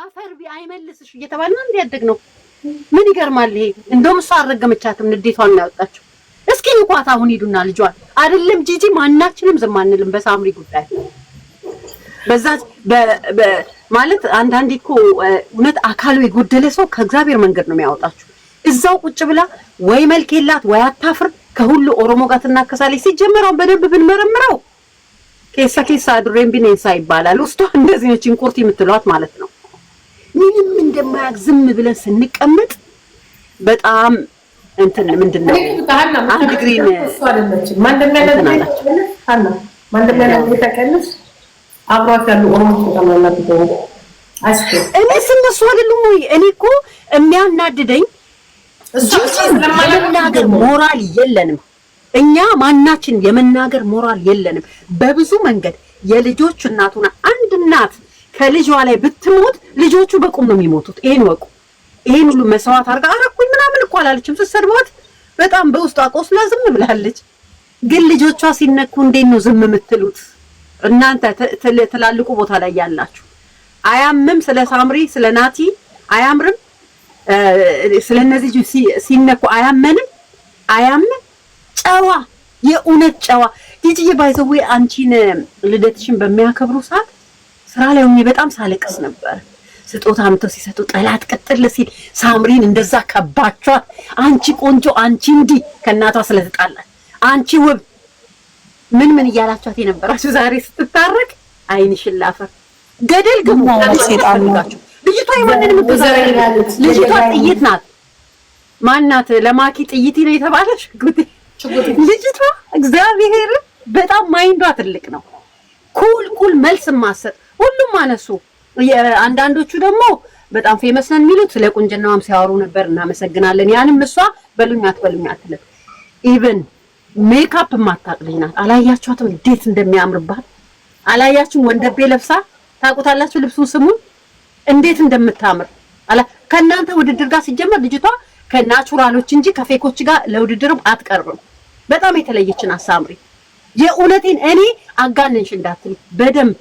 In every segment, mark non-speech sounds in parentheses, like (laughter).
አፈር ቢ አይመልስሽ እየተባለ እንደ ያደግ ነው። ምን ይገርማል ይሄ። እንደውም እሷ አልረገመቻትም፣ ንዴቷን ነው ያወጣችው። እስኪ ንኳት አሁን ሂዱና ልጇን አይደለም ጂጂ፣ ማናችንም ዝም አንልም በሳምሪ ጉዳይ በዛ ማለት አንዳንዴ እኮ እውነት አካሉ የጎደለ ሰው ከእግዚአብሔር መንገድ ነው የሚያወጣችው። እዛው ቁጭ ብላ ወይ መልክ የላት ወይ አታፍር፣ ከሁሉ ኦሮሞ ጋር ትናከሳለች። ሲጀመረው በደንብ ብንመረምረው ኬሳ ኬሳ አዱሬም ይባላል። ውስጧ እንደዚህ ነች፣ እንቁርቲ የምትሏት ማለት ነው። ምንም እንደማያውቅ ዝም ብለን ስንቀመጥ በጣም እንትን ምንድን ነው አንድ ግሪን እኔ ስነሱ አይደሉም ወይ? እኔ እኮ የሚያናድደኝ የመናገር ሞራል የለንም እኛ ማናችን የመናገር ሞራል የለንም። በብዙ መንገድ የልጆች እናቱና አንድ እናት ከልጇ ላይ ብትሞት ልጆቹ በቁም ነው የሚሞቱት። ይሄን ወቁ። ይሄን ሁሉ መስዋዕት አድርጋ አረኩኝ ምናምን እኮ አላለችም። ስትሰድቧት በጣም በውስጧ ቆስላ ዝም ብላለች። ግን ልጆቿ ሲነኩ እንዴት ነው ዝም የምትሉት? እናንተ ትላልቁ ቦታ ላይ ያላችሁ አያምም? ስለ ሳምሪ ስለ ናቲ አያምርም? ስለ እነዚህ ሲነኩ አያመንም? አያምም? ጨዋ፣ የእውነት ጨዋ። ጂጂዬ ባይዘዌ አንቺን ልደትሽን በሚያከብሩ ሰዓት ስራ ላይ ሆኜ በጣም ሳለቅስ ነበር። ስጦታ አምጥተው ሲሰጡ ጠላት ቅጥል ሲል ሳምሪን እንደዛ ከባቸዋል። አንቺ ቆንጆ፣ አንቺ እንዲህ ከእናቷ ስለተጣላች አንቺ ውብ ምን ምን እያላችኋት የነበራችሁ ዛሬ ስትታረቅ አይንሽን ላፈር ገደል ግሞ ልጅቷ የማንንም ልጅቷ ጥይት ናት። ማናት ለማኪ ጥይት ነው የተባለች ልጅቷ እግዚአብሔር በጣም ማይንዷ ትልቅ ነው። ኩልኩል መልስ ማሰጥ ሁሉም አነሱ። አንዳንዶቹ ደግሞ በጣም ፌመስ ነን የሚሉት ስለ ቁንጅናዋም ሲያወሩ ነበር። እናመሰግናለን። ያንም እሷ በሉኛት በሉኛት አትልም። ኢቨን ሜካፕ የማታውቅ ልጅ ናት። አላያችኋትም? እንዴት እንደሚያምርባት አላያችሁም? ወንደቤ ለብሳ ታውቁታላችሁ። ልብሱን ስሙን እንዴት እንደምታምር አላ ከእናንተ ውድድር ጋር ሲጀመር ልጅቷ ከናቹራሎች እንጂ ከፌኮች ጋር ለውድድርም አትቀርብም። በጣም የተለየችን አሳምሪ። የእውነቴን እኔ አጋነንሽ እንዳትል በደንብ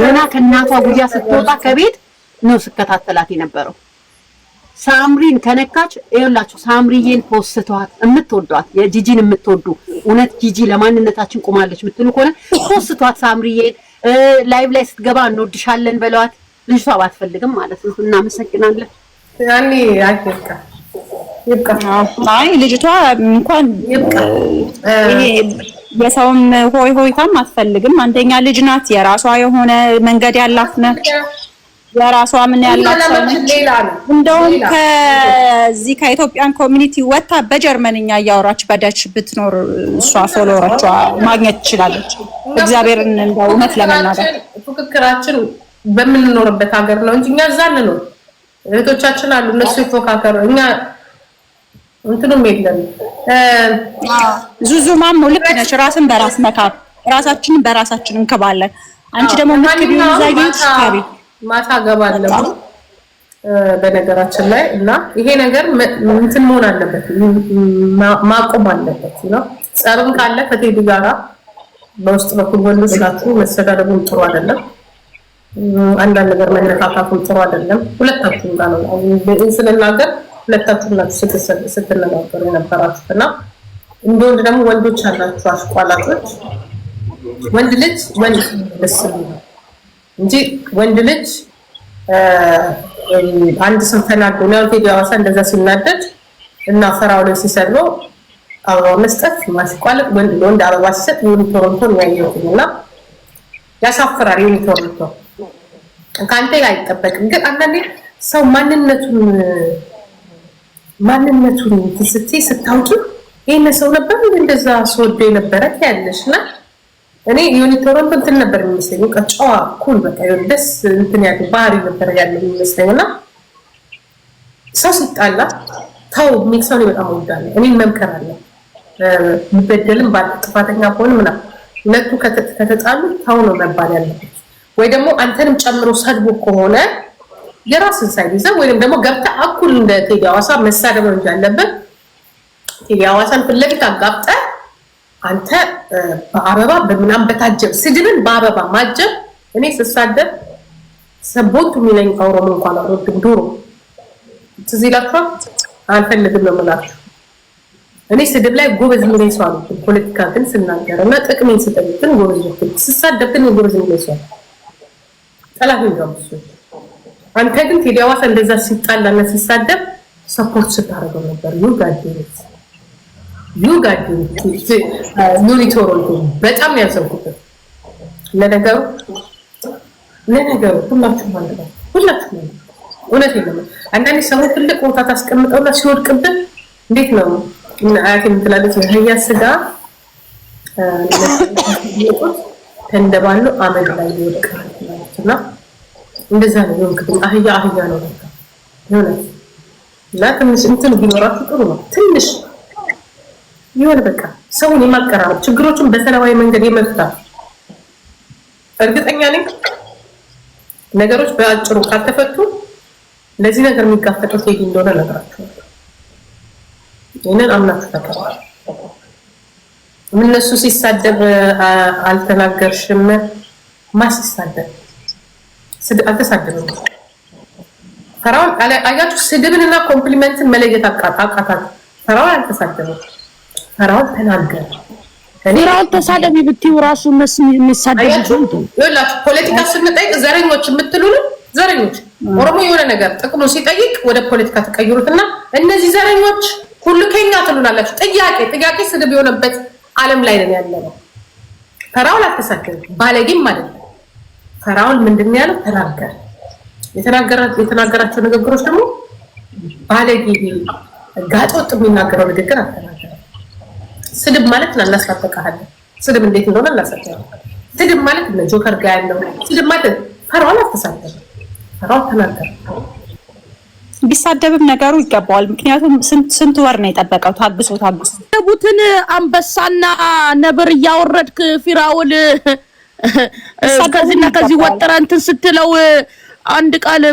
ገና ከእናቷ ጉያ ስትወጣ ከቤት ነው ስከታተላት የነበረው። ሳምሪን ከነካች ይኸውላችሁ፣ ሳምሪዬን ፖስተዋት የምትወዷት የጂጂን የምትወዱ እውነት ጂጂ ለማንነታችን ቁማለች የምትሉ ከሆነ ፖስተዋት። ሳምሪዬን ላይቭ ላይ ስትገባ እንወድሻለን በለዋት። ልጅቷ ባትፈልግም ማለት ነው። እናመሰግናለን። ያኔ አይ ልጅቷ እንኳን የሰውም ሆይ ሆይታም አትፈልግም። አንደኛ ልጅ ናት፣ የራሷ የሆነ መንገድ ያላት ነች። የራሷ ምን ያላት ሰው ነች። እንደውም ከዚህ ከኢትዮጵያን ኮሚኒቲ ወጥታ በጀርመንኛ እያወራች በደች ብትኖር እሷ ፎሎወሮቿ ማግኘት ትችላለች። እግዚአብሔርን እንደው እውነት ለመናገር ፉክክራችን በምንኖርበት ሀገር ነው እንጂ እኛ እዛ ነው እህቶቻችን አሉ እነሱ ይፎካከሩ እኛ እንትንም የለም። ዙዙ ማሞ ልክ ነሽ። ራስን በራስ መካብ ራሳችንን በራሳችን እንክባለን። አንቺ ደግሞ ምክብኝ ዛጌት ማታ ገባለሁ። በነገራችን ላይ እና ይሄ ነገር እንትን መሆን አለበት፣ ማቆም አለበት ነው። ጸብም ካለ ከቴዲ ጋራ በውስጥ በኩል ወንዶ ስላቱ መሰዳደቡም ጥሩ አይደለም። አንዳንድ ነገር መነካካቱም ጥሩ አይደለም። ሁለታችሁም ጋር ነው ስንናገር ሁለታችሁ ናችሁ ስትነጋገሩ የነበራችሁ እና እንደ ወንድ ደግሞ ወንዶች አላችሁ አሽቋላጮች። ወንድ ልጅ ወንድ ደስ እንጂ ወንድ ልጅ አንድ ሰው ተናዶ ነው ቴዲ እንደዛ ሲናደድ እና ፈራው ላይ ሲሰድበው አበባ መስጠት ማሽቋለጥ፣ ወንድ ለወንድ አበባ ሲሰጥ ዩኒቶሮንቶ ቶሮንቶን እና ያሳፍራል። ዩኒቶሮንቶ ቶሮንቶ ከአንተ አይጠበቅም። ግን አንዳንዴ ሰው ማንነቱን ማንነቱን ትስቴ ስታውቂ ይህን ሰው ነበር እንደዛ ስወዶ የነበረ ያለሽ ና እኔ ዩኒቶሮን እንትን ነበር የሚመስለኝ በቃ ጨዋ ኩል በቃ ደስ እንትን ያለ ባህሪ ነበር ያለ የሚመስለኝ እና ሰው ሲጣላ ተው የሚል ሰው በጣም እወዳለሁ። እኔን መምከር አለ ሚበደልም ባለ ጥፋተኛ ከሆን ምና ሁለቱ ከተጣሉ ተው ነው መባል ያለበት ወይ ደግሞ አንተንም ጨምሮ ሰድቦ ከሆነ የራስን ሳይድ ይዘህ ወይም ደግሞ ገብተህ እኩል እንደ ቴዲ ሐዋሳ መሳደብ ነው እንጂ ያለብህ ቴዲ ሐዋሳን ፊት ለፊት አጋብጠህ አንተ በአበባ በምናምን በታጀብ ስድብን በአበባ ማጀብ። እኔ ስሳደብ ሰቦንቱ የሚለኝ ከኦሮሞ እንኳን አልወድም። ዱሮ ትዝ ይላችኋል። አልፈልግም ነው የምላችሁ። እኔ ስድብ ላይ ጎበዝ የሚለኝ ሰው አልወድም። ፖለቲካ ግን ስናገር እና ጥቅሜን ስጠይቅ ግን ጎበዝ ስሳደብ ግን ጎበዝ የሚለኝ ሰው ጠላት ነው። አንተ ግን ቴዲ ሐዋሳ እንደዛ ሲጣላና ሲሳደብ ሰፖርት ስታደርገው ነበር። ዩ ጋዴት ዩ ጋዴት ኑሪ ቶሮንቶ በጣም ያዘንኩበት። ለነገሩ ለነገሩ ሁላችሁ ማለት ነው ሁላችሁ ማለት እውነት የለም። አንዳንዴ ሰዎች ትልቅ ቦታ ታስቀምጠውና ሲወድቅብን እንዴት ነው አያት የምትላለች የአህያ ስጋ ተንደባሉ አመድ ላይ ይወድቃል ማለት ነው። እንደዛ ነው የሆንክብኝ። አህያ አህያ ነው በቃ የሆነት እና ትንሽ እንትን ቢኖራችሁ ጥሩ ነው። ትንሽ ይሆን በቃ ሰውን የማቀራረብ ችግሮችን በሰላማዊ መንገድ የመፍታት እርግጠኛ ነኝ ነገሮች በአጭሩ ካልተፈቱ ለዚህ ነገር የሚጋፈጠው ቴዲ እንደሆነ እነግራችኋለሁ። ይህንን አምናችሁ ተቀበሉ። እነሱ ሲሳደብ አልተናገርሽም። ማን ሲሳደብ አልተሳደብም። ፈራውን አያችሁ፣ ስድብንና ኮምፕሊመንትን መለየት አቃታል። ፈራውን ፈራውን ተናገረ። ፈራውን ተሳደቢ ብትይው ራሱ እነሱ ፖለቲካ ስንጠይቅ ዘረኞች የምትሉንም ዘረኞች ኦሮሞ የሆነ ነገር ጥቅሙ ሲጠይቅ ወደ ፖለቲካ እና እነዚህ ዘረኞች ሁሉ ከኛ ትሉናላችሁ። ጥያቄ ጥያቄ ስድብ የሆነበት ዓለም ላይ ነው ያለ ነው። ፈራውን አልተሳደብም። ባለጌም ማለት ፈራውን ምንድን ያለው? ተናገር። የተናገራቸው ንግግሮች ደግሞ ባለጌ ጋጠወጥ የሚናገረው ንግግር አልተናገረም። ስድብ ማለት እናስላበቃለን። ስድብ እንዴት እንደሆነ እናሳያለን። ስድብ ማለት እነ ጆከር ጋ ያለው ስድብ ማለት ፈራውን አልተሳደበም። ፈራውን ተናገረ። ቢሳደብም ነገሩ ይገባዋል። ምክንያቱም ስንት ወር ነው የጠበቀው ታግሶ ታግሶ ደቡትን አንበሳና ነብር እያወረድክ ፊራውል ከዚህና (laughs) ከዚህ ወጥረ እንትን ስትለው አንድ ቃል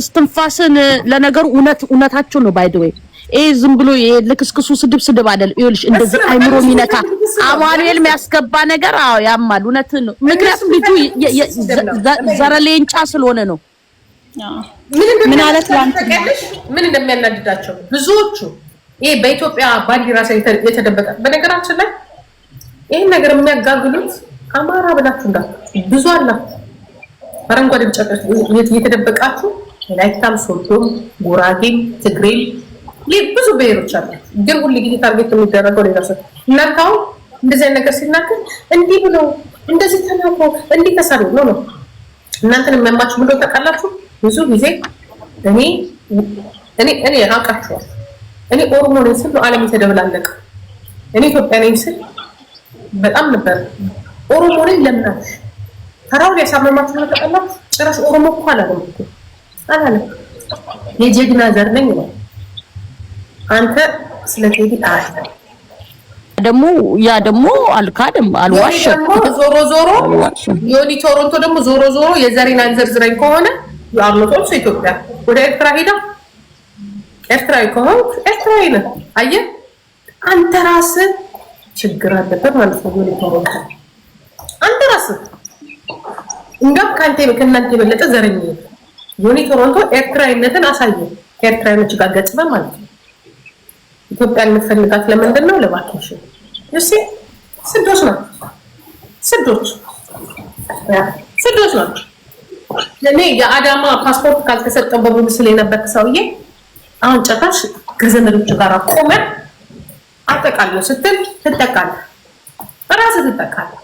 እስትንፋስን ለነገሩ እውነት እውነታቸው ነው። ባይ ዘ ወይ ይሄ ዝም ብሎ ልክስክሱ ስድብ ስድብ አይደለም። ይኸውልሽ እንደዚህ አይምሮ የሚነካ አማኑኤል የሚያስገባ ነገር አዎ ያማል። እውነት ነው። ምክንያቱም ልጁ ዘረሌንጫ ስለሆነ ነው። ምን አለት ላንተቀልሽ ምን እንደሚያናድዳቸው ብዙዎቹ ይሄ በኢትዮጵያ ባንዲራ የተደበቀ በነገራችን ላይ ይሄን ነገር የሚያጋግሉት አማራ ብላችሁ እንዳትወጡ ብዙ አላችሁ። አረንጓዴ ቢጫ እየተደበቃችሁ ላይታም፣ ሶልቶም፣ ጉራጌም፣ ትግሬም ብዙ ብሔሮች አሉ። ግን ሁሉ ጊዜ ታርጌት የሚደረገው ሌላ ሰው እናንተ እንደዚህ አይነት ነገር ሲናገር እንዲህ ብሎ እንደዚህ ተናግሮ እንዲህ ተሳሉ ነው ነው እናንተን የሚያማችሁ ብሎ ታውቃላችሁ። ብዙ ጊዜ እኔ እኔ እኔ አውቃችኋል። እኔ ኦሮሞ ነኝ ስል ነው ዓለም የተደበላለቀ። እኔ ኢትዮጵያ ነኝ ስል በጣም ነበር ኦሮሞ ላይ ለምናት ተራውን ያሳመማችሁ ነው ጭራሽ ኦሮሞ እኮ አላለም እኮ አላለም። የጀግና ዘር ነኝ ነው አንተ ስለ ቴዲ አይ ደግሞ ያ ደግሞ አልካድም አልዋሸም። ዞሮ ዞሮ ዮኒ ቶሮንቶ ደግሞ ዞሮ ዞሮ የዘሬን አንዘርዝረኝ ከሆነ የአምጦች ኢትዮጵያ ወደ ኤርትራ ሄዳ ኤርትራዊ ከሆንክ ኤርትራዊ ነህ። አየህ አንተ ራስህ ችግር አለበት ማለት ነው ዮኒ ቶሮንቶ አንተ ራስህ እንደም ከአንተ ከእናንተ የበለጠ ዘረኝ ዮኒ ቶሮንቶ ኤርትራዊነትን አሳየ። ከኤርትራዊኖች ጋር ገጽበ ማለት ነው። ኢትዮጵያ የምትፈልጋት ለምንድን ነው? ለቫኬሽን ዩሲ ስዶች ናቸው። ስዶች ስዶች ናቸው። እኔ የአዳማ ፓስፖርት ካልተሰጠው በሙሉ ስለ የነበር ሰውዬ አሁን ጨታሽ ከዘመዶች ጋር ቆመን አጠቃለሁ ስትል ትጠቃለህ፣ ራስህ ትጠቃለህ።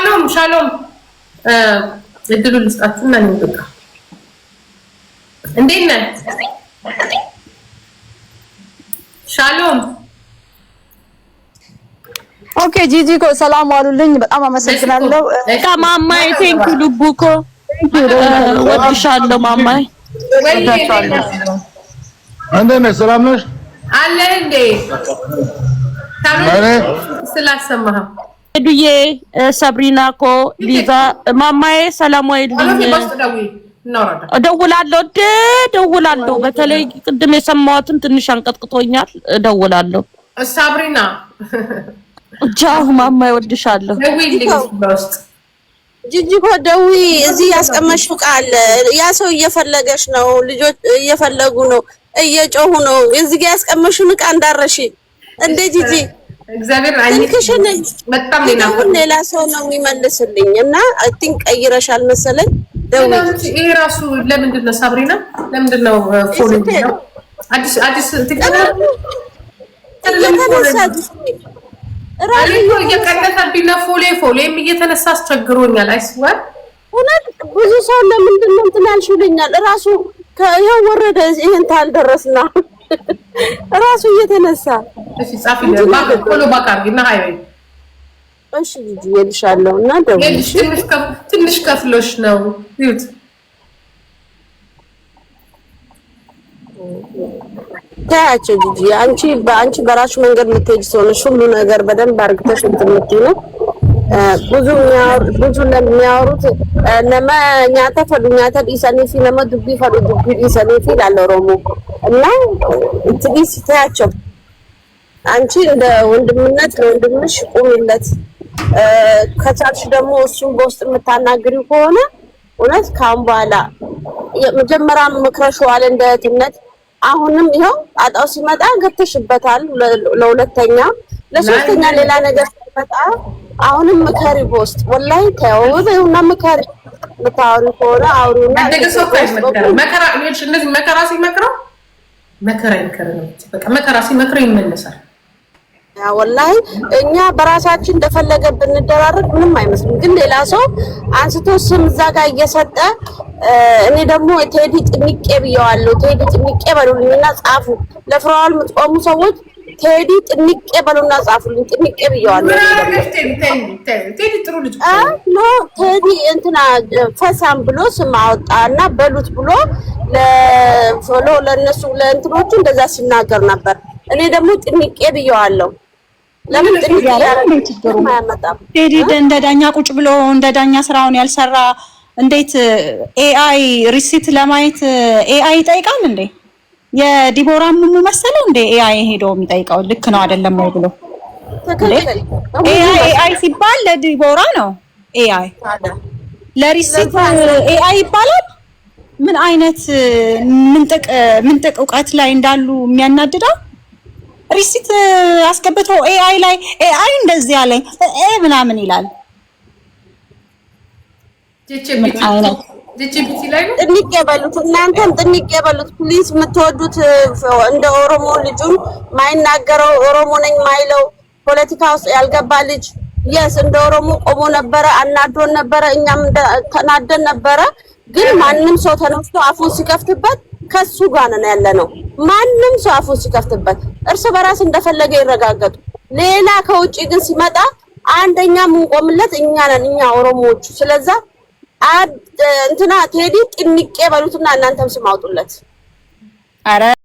ሻሎም ሻሎም፣ እድሉ ልስጣችሁ እና ነው እንዴት ነህ? ሻሎም። ኦኬ ጂጂ ኮ ሰላም ዋሉልኝ። በጣም አመሰግናለሁ። እቃ ማማዬ ቴንኩ ልቡ ኮ ወድሻለሁ ማማዬ። እንዴት ነሽ? ሰላም ነሽ? አለ እንዴ? ታዲያ ዱዬ ሰብሪና ኮ ሊዛ ማማዬ ሰላሟ የልኝ እደውላለሁ እንደ እደውላለሁ። በተለይ ቅድም የሰማሁትን ትንሽ አንቀጥቅጦኛል። እደውላለሁ። ሳብሪና እጃሁ ማማ ይወድሻለሁ። ጅጅኮ ደውይ። እዚህ ያስቀመሽው ቃል ያ ሰው እየፈለገሽ ነው። ልጆች እየፈለጉ ነው፣ እየጮሁ ነው። እዚህ ጋ ያስቀመሽውን ዕቃ እንዳረሺ እንደ ጂጂ እግዚአብሔር ሌላ ሰው ነው የሚመልስልኝ እና አይ ቲንክ ቀይረሻል መሰለኝ። ይሄ ራሱ ለምንድን ነው ሳብሪና? ለምንድን ነው አዲስ አዲስ ነው። ፎሌ ፎሌም እየተነሳ አስቸግሮኛል። አይስወር እውነት ብዙ ሰው ለምንድን ነው እንትን ያልሽልኛል። እራሱ ይኸው ወረደ። ይሄን ታልደረስና እራሱ እየተነሳ እሺ ጻፊ ቶሎ ባክ አድርጊና ልጅ ይልሻለሁ እና ትንሽ ከፍሎሽ ነው ይሁት ታያቸው ጂጂ አንቺ በአንቺ በራሱ መንገድ የምትሄጂ ሰው ነሽ። ሁሉ ነገር በደንብ አርግተሽ የምትመጪው ነው። ብዙ ብዙ ለሚያወሩት ለማ ኛታ ፈዱ ኛታ ዲሰኒፊ ለማ ዱቢ ፈዱ ዱቢ ዲሰኒፊ ላለ ኦሮሞ እና ትግስት ታያቸው አንቺ እንደ ወንድምነት ለወንድምሽ ቁሚለት። ከቻልሽ ደግሞ እሱን በውስጥ የምታናግሪው ከሆነ እውነት ካሁን በኋላ መጀመሪያ ምክረሽዋል እንደ እህትነት። አሁንም ይኸው አጣው ሲመጣ ገብተሽበታል። ለሁለተኛ ለሶስተኛ ሌላ ነገር ሲመጣ አሁንም ምከሪ በውስጥ ወላሂ ተው በይውና ምከሪ። የምታወሪው ከሆነ አውሪውና መከራ ሲመክረው መከራ ይምከር ነው በቃ መከራ ሲመክረው ይመለሳል። ወላሂ እኛ በራሳችን እንደፈለገ ብንደራረግ ምንም አይመስልም። ግን ሌላ ሰው አንስቶ ስም እዛ ጋር እየሰጠ እኔ ደግሞ ቴዲ ጥንቄ ብየዋለሁ። ቴዲ ጥንቄ በሉልኝና ጻፉ። ለፍራዋል የምትቆሙ ሰዎች ቴዲ ጥንቄ በሉና ጻፉልኝ። ጥንቄ ብየዋለሁ። ቴዲ እንትና ፈሳም ብሎ ስም አወጣ እና በሉት ብሎ ለፎሎ ለእነሱ ለእንትኖቹ እንደዛ ሲናገር ነበር። እኔ ደግሞ ጥንቄ ብየዋለሁ። ለምን ጥንቄ እንደ ዳኛ ቁጭ ብሎ እንደ ዳኛ ስራውን ያልሰራ እንዴት ኤአይ ሪሲት ለማየት ኤአይ ይጠይቃል እንዴ? የዲቦራ ምን መሰለው እንዴ ኤአይ ሄዶ የሚጠይቀው ልክ ነው አይደለም ወይ ብሎ ኤአይ ኤአይ ሲባል ለዲቦራ ነው። ኤአይ ለሪሲት ኤአይ ይባላል። ምን አይነት ምንጥቅ ምንጥቅ እውቀት ላይ እንዳሉ የሚያናድደው ሪሲት አስገብቶ ኤአይ ላይ ኤአይ እንደዚህ አለኝ ምናምን ይላል። ጥንቅ የበሉት እናንተም ጥንቅ የበሉት ፕሊዝ። የምትወዱት እንደ ኦሮሞ ልጁን ማይናገረው ኦሮሞ ነኝ ማይለው ፖለቲካ ውስጥ ያልገባ ልጅ የስ እንደ ኦሮሞ ቆሞ ነበረ፣ አናዶን ነበረ፣ እኛም ተናደን ነበረ። ግን ማንም ሰው ተነስቶ አፉን ሲከፍትበት ከሱ ጋር ነው ያለ ነው። ማንም ሰው አፉን ሲከፍትበት እርስ በራስ እንደፈለገ ይረጋገጡ። ሌላ ከውጭ ግን ሲመጣ አንደኛ የምንቆምለት እኛ ነን፣ እኛ ኦሮሞዎቹ። ስለዛ እንትና ቴዲ ጥንቄ በሉትና እናንተም ስም አውጡለት።